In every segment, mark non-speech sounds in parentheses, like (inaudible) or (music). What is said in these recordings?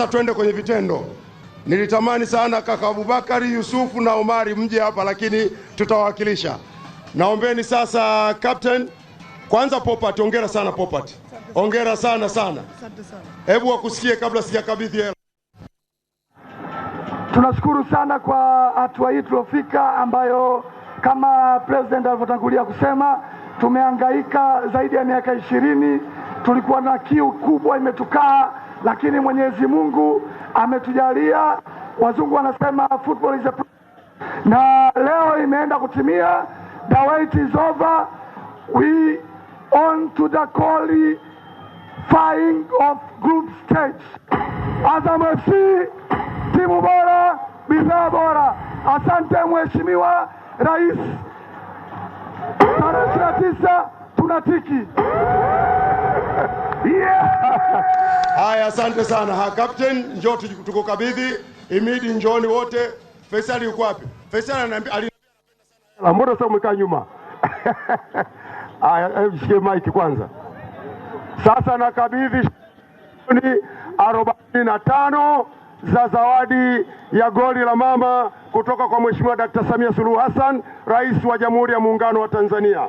Sasa twende kwenye vitendo. Nilitamani sana kaka Abubakari, Yusufu na Omari mje hapa, lakini tutawakilisha. Naombeni sasa captain, kwanza Popat, ongera sana Popat, ongera sana sana. Hebu wakusikie kabla sijakabidhi hela. Tunashukuru sana kwa hatua hii tuliofika, ambayo kama president alivyotangulia kusema, tumehangaika zaidi ya miaka ishirini. Tulikuwa na kiu kubwa, imetukaa lakini Mwenyezi Mungu ametujalia, wazungu wanasema football is a na leo imeenda kutimia. The wait is over, we on to the qualifying of group stage. Azam FC timu bora, bidhaa bora. Asante Mheshimiwa Rais, tarehe 29 tunatiki Haya, asante sana. Ha, captain njoo tukukabidhi. Imidi njoni wote. Faisal yuko wapi? Faisal ananiambia aliniambia sana. Mbona sasa umekaa nyuma? (laughs) Haya, mshike mic kwanza. Sasa nakabidhi ni arobaini na tano za zawadi ya goli la mama kutoka kwa Mheshimiwa Dkt. Samia Suluhu Hassan, Rais wa Jamhuri ya Muungano wa Tanzania.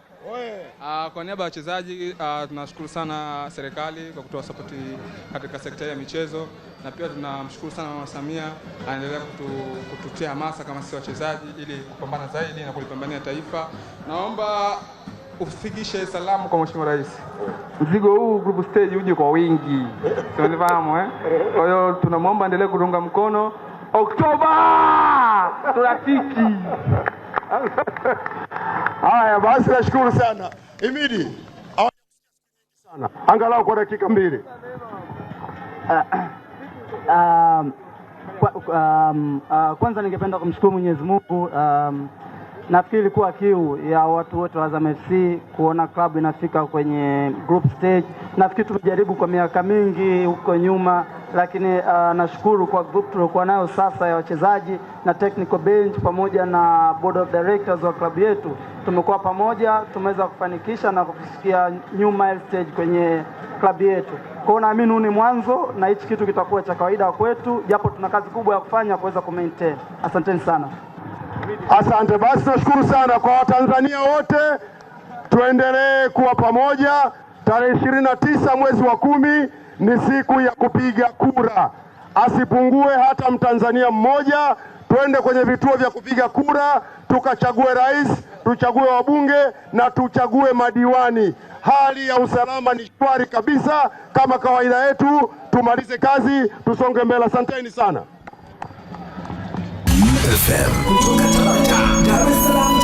Uh, kwa niaba ya wachezaji uh, tunashukuru sana serikali kwa kutoa sapoti katika sekta ya michezo, na pia tunamshukuru sana Mama Samia anaendelea kutu, kututia hamasa kama sisi wachezaji ili kupambana zaidi na kulipambania taifa. Naomba ufikishe salamu kwa Mheshimiwa Rais, mzigo huu group stage uje kwa wingi, sionifahamu eh? Kwa hiyo tunamwomba endelee kutunga mkono. Oktoba tunatiki Haya basi, nashukuru sana Imidi sana angalau kwa dakika mbili. Uh, (coughs) um, um, uh, kwanza ningependa kumshukuru Mwenyezi Mungu um, Nafikiri ilikuwa kiu ya watu wote wa Azam FC kuona klabu inafika kwenye group stage. Nafikiri tumejaribu kwa miaka mingi huko nyuma, lakini uh, nashukuru kwa group tuliokuwa nayo sasa ya wachezaji na technical bench pamoja na board of directors wa klabu yetu, tumekuwa pamoja, tumeweza kufanikisha na kufikia new milestone kwenye klabu yetu. Kwa hiyo naamini huu ni mwanzo na hichi kitu kitakuwa cha kawaida kwetu, japo tuna kazi kubwa ya kufanya kuweza kumaintain. Asanteni sana. Asante basi, nashukuru sana kwa Watanzania wote, tuendelee kuwa pamoja. Tarehe ishirini na tisa mwezi wa kumi ni siku ya kupiga kura, asipungue hata Mtanzania mmoja. Twende kwenye vituo vya kupiga kura tukachague rais, tuchague wabunge na tuchague madiwani. Hali ya usalama ni shwari kabisa, kama kawaida yetu. Tumalize kazi, tusonge mbele. Asanteni sana. FM Dar es Salaam